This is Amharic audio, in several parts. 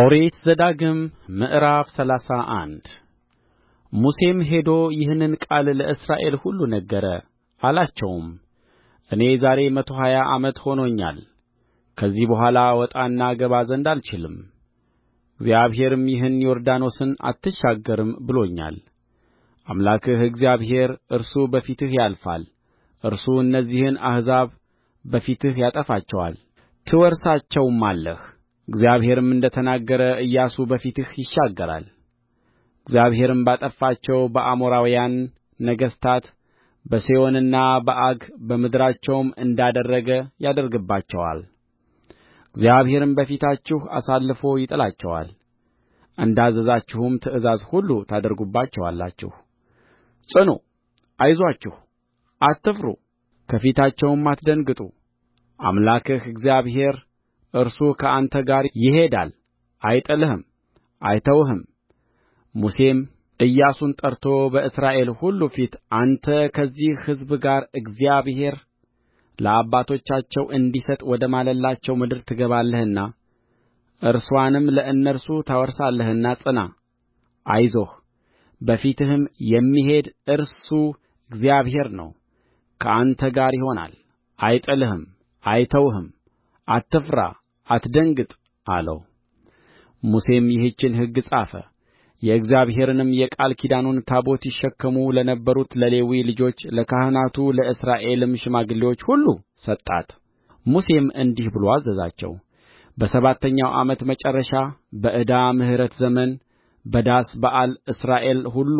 ኦሪት ዘዳግም ምዕራፍ ሰላሳ አንድ ሙሴም ሄዶ ይህንን ቃል ለእስራኤል ሁሉ ነገረ፣ አላቸውም እኔ ዛሬ መቶ ሀያ ዓመት ሆኖኛል። ከዚህ በኋላ እወጣና ገባ ዘንድ አልችልም። እግዚአብሔርም ይህን ዮርዳኖስን አትሻገርም ብሎኛል። አምላክህ እግዚአብሔር እርሱ በፊትህ ያልፋል፣ እርሱ እነዚህን አሕዛብ በፊትህ ያጠፋቸዋል፣ ትወርሳቸውማለህ። እግዚአብሔርም እንደ ተናገረ ኢያሱ በፊትህ ይሻገራል እግዚአብሔርም ባጠፋቸው በአሞራውያን ነገሥታት በሴዎንና በዐግ በምድራቸውም እንዳደረገ ያደርግባቸዋል እግዚአብሔርም በፊታችሁ አሳልፎ ይጥላቸዋል እንዳዘዛችሁም ትእዛዝ ሁሉ ታደርጉባቸዋላችሁ ጽኑ አይዞአችሁ አትፍሩ ከፊታቸውም አትደንግጡ አምላክህ እግዚአብሔር እርሱ ከአንተ ጋር ይሄዳል አይጥልህም አይተውህም ሙሴም ኢያሱን ጠርቶ በእስራኤል ሁሉ ፊት አንተ ከዚህ ሕዝብ ጋር እግዚአብሔር ለአባቶቻቸው እንዲሰጥ ወደ ማለላቸው ምድር ትገባለህና እርሷንም ለእነርሱ ታወርሳለህና ጽና፣ አይዞህ፣ በፊትህም የሚሄድ እርሱ እግዚአብሔር ነው። ከአንተ ጋር ይሆናል፣ አይጥልህም፣ አይተውህም፣ አትፍራ አትደንግጥ አለው ሙሴም ይህችን ሕግ ጻፈ የእግዚአብሔርንም የቃል ኪዳኑን ታቦት ይሸከሙ ለነበሩት ለሌዊ ልጆች ለካህናቱ ለእስራኤልም ሽማግሌዎች ሁሉ ሰጣት ሙሴም እንዲህ ብሎ አዘዛቸው በሰባተኛው ዓመት መጨረሻ በዕዳ ምሕረት ዘመን በዳስ በዓል እስራኤል ሁሉ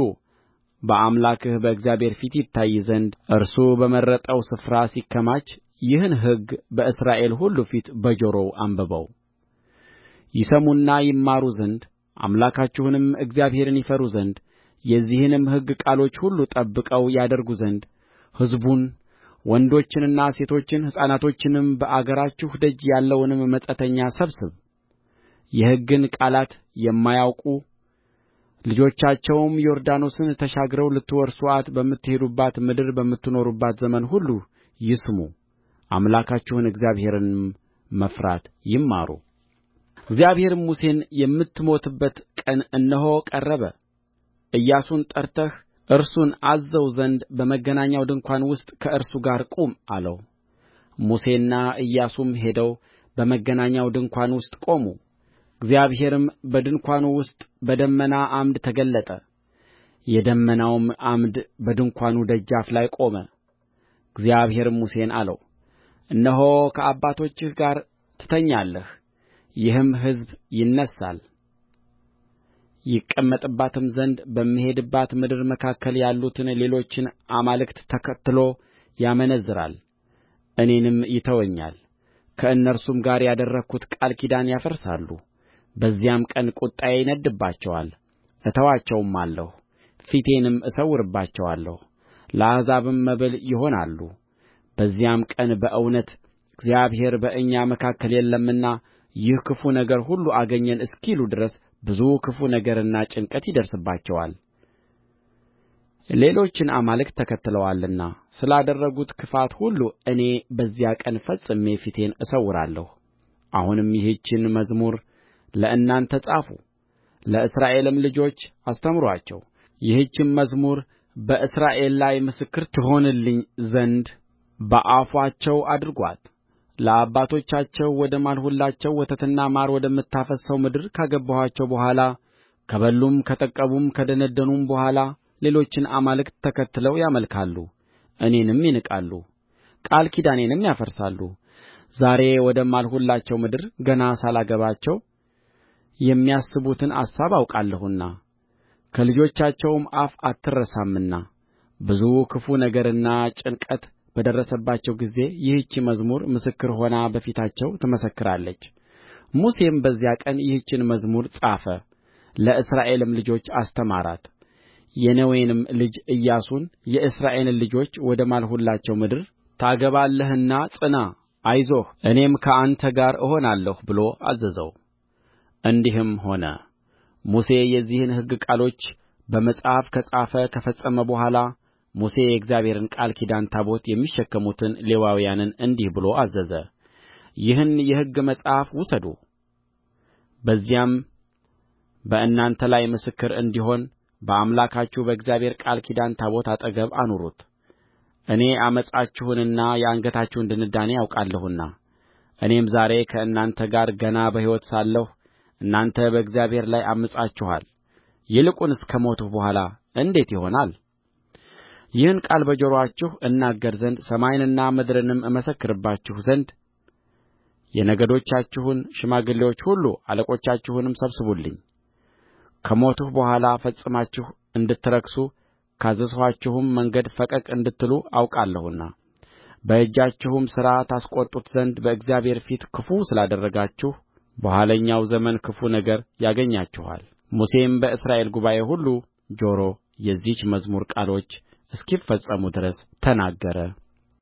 በአምላክህ በእግዚአብሔር ፊት ይታይ ዘንድ እርሱ በመረጠው ስፍራ ሲከማች ይህን ሕግ በእስራኤል ሁሉ ፊት በጆሮው አንብበው ይሰሙና ይማሩ ዘንድ አምላካችሁንም እግዚአብሔርን ይፈሩ ዘንድ የዚህንም ሕግ ቃሎች ሁሉ ጠብቀው ያደርጉ ዘንድ ሕዝቡን ወንዶችንና ሴቶችን ሕፃናቶችንም በአገራችሁ ደጅ ያለውንም መጻተኛ ሰብስብ። የሕግን ቃላት የማያውቁ ልጆቻቸውም ዮርዳኖስን ተሻግረው ልትወርሱአት በምትሄዱባት ምድር በምትኖሩበት ዘመን ሁሉ ይስሙ አምላካችሁን እግዚአብሔርንም መፍራት ይማሩ እግዚአብሔርም ሙሴን የምትሞትበት ቀን እነሆ ቀረበ ኢያሱን ጠርተህ እርሱን አዝዘው ዘንድ በመገናኛው ድንኳን ውስጥ ከእርሱ ጋር ቁም አለው። ሙሴና ኢያሱም ሄደው በመገናኛው ድንኳን ውስጥ ቆሙ። እግዚአብሔርም በድንኳኑ ውስጥ በደመና ዓምድ ተገለጠ። የደመናውም ዓምድ በድንኳኑ ደጃፍ ላይ ቆመ። እግዚአብሔርም ሙሴን አለው እነሆ ከአባቶችህ ጋር ትተኛለህ ይህም ሕዝብ ይነሣል ይቀመጥባትም ዘንድ በሚሄድባት ምድር መካከል ያሉትን ሌሎችን አማልክት ተከትሎ ያመነዝራል እኔንም ይተወኛል ከእነርሱም ጋር ያደረግሁት ቃል ኪዳን ያፈርሳሉ በዚያም ቀን ቍጣዬ ይነድድባቸዋል እተዋቸውማለሁ ፊቴንም እሰውርባቸዋለሁ ለአሕዛብም መብል ይሆናሉ በዚያም ቀን በእውነት እግዚአብሔር በእኛ መካከል የለምና ይህ ክፉ ነገር ሁሉ አገኘን እስኪሉ ድረስ ብዙ ክፉ ነገርና ጭንቀት ይደርስባቸዋል ሌሎችን አማልክት ተከትለዋልና ስላደረጉት ክፋት ሁሉ እኔ በዚያ ቀን ፈጽሜ ፊቴን እሰውራለሁ። አሁንም ይህችን መዝሙር ለእናንተ ጻፉ፣ ለእስራኤልም ልጆች አስተምሩአቸው። ይህችም መዝሙር በእስራኤል ላይ ምስክር ትሆንልኝ ዘንድ በአፋቸው አድርጓት ለአባቶቻቸው ወደ ማልሁላቸው ወተትና ማር ወደምታፈስሰው ምድር ካገባኋቸው በኋላ ከበሉም ከጠገቡም ከደነደኑም በኋላ ሌሎችን አማልክት ተከትለው ያመልካሉ እኔንም ይንቃሉ ቃል ኪዳኔንም ያፈርሳሉ ዛሬ ወደ ማልሁላቸው ምድር ገና ሳላገባቸው የሚያስቡትን አሳብ አውቃለሁና ከልጆቻቸውም አፍ አትረሳምና ብዙ ክፉ ነገርና ጭንቀት በደረሰባቸው ጊዜ ይህች መዝሙር ምስክር ሆና በፊታቸው ትመሰክራለች ሙሴም በዚያ ቀን ይህችን መዝሙር ጻፈ ለእስራኤልም ልጆች አስተማራት የነዌንም ልጅ ኢያሱን የእስራኤልን ልጆች ወደ ማልሁላቸው ምድር ታገባለህና ጽና አይዞህ እኔም ከአንተ ጋር እሆናለሁ ብሎ አዘዘው እንዲህም ሆነ ሙሴ የዚህን ሕግ ቃሎች በመጽሐፍ ከጻፈ ከፈጸመ በኋላ ሙሴ የእግዚአብሔርን ቃል ኪዳን ታቦት የሚሸከሙትን ሌዋውያንን እንዲህ ብሎ አዘዘ። ይህን የሕግ መጽሐፍ ውሰዱ፣ በዚያም በእናንተ ላይ ምስክር እንዲሆን በአምላካችሁ በእግዚአብሔር ቃል ኪዳን ታቦት አጠገብ አኑሩት። እኔ ዓመፃችሁንና የአንገታችሁን ድንዳኔ ያውቃለሁና እኔም ዛሬ ከእናንተ ጋር ገና በሕይወት ሳለሁ እናንተ በእግዚአብሔር ላይ ዐምፃችኋል። ይልቁንስ ከሞትሁ በኋላ እንዴት ይሆናል? ይህን ቃል በጆሮአችሁ እናገር ዘንድ ሰማይንና ምድርንም እመሰክርባችሁ ዘንድ የነገዶቻችሁን ሽማግሌዎች ሁሉ አለቆቻችሁንም ሰብስቡልኝ ከሞትሁ በኋላ ፈጽማችሁ እንድትረክሱ ካዘዝኋችሁም መንገድ ፈቀቅ እንድትሉ አውቃለሁና በእጃችሁም ሥራ ታስቈጡት ዘንድ በእግዚአብሔር ፊት ክፉ ስላደረጋችሁ በኋለኛው ዘመን ክፉ ነገር ያገኛችኋል። ሙሴም በእስራኤል ጉባኤ ሁሉ ጆሮ የዚህች መዝሙር ቃሎች እስኪፈጸሙ ድረስ ተናገረ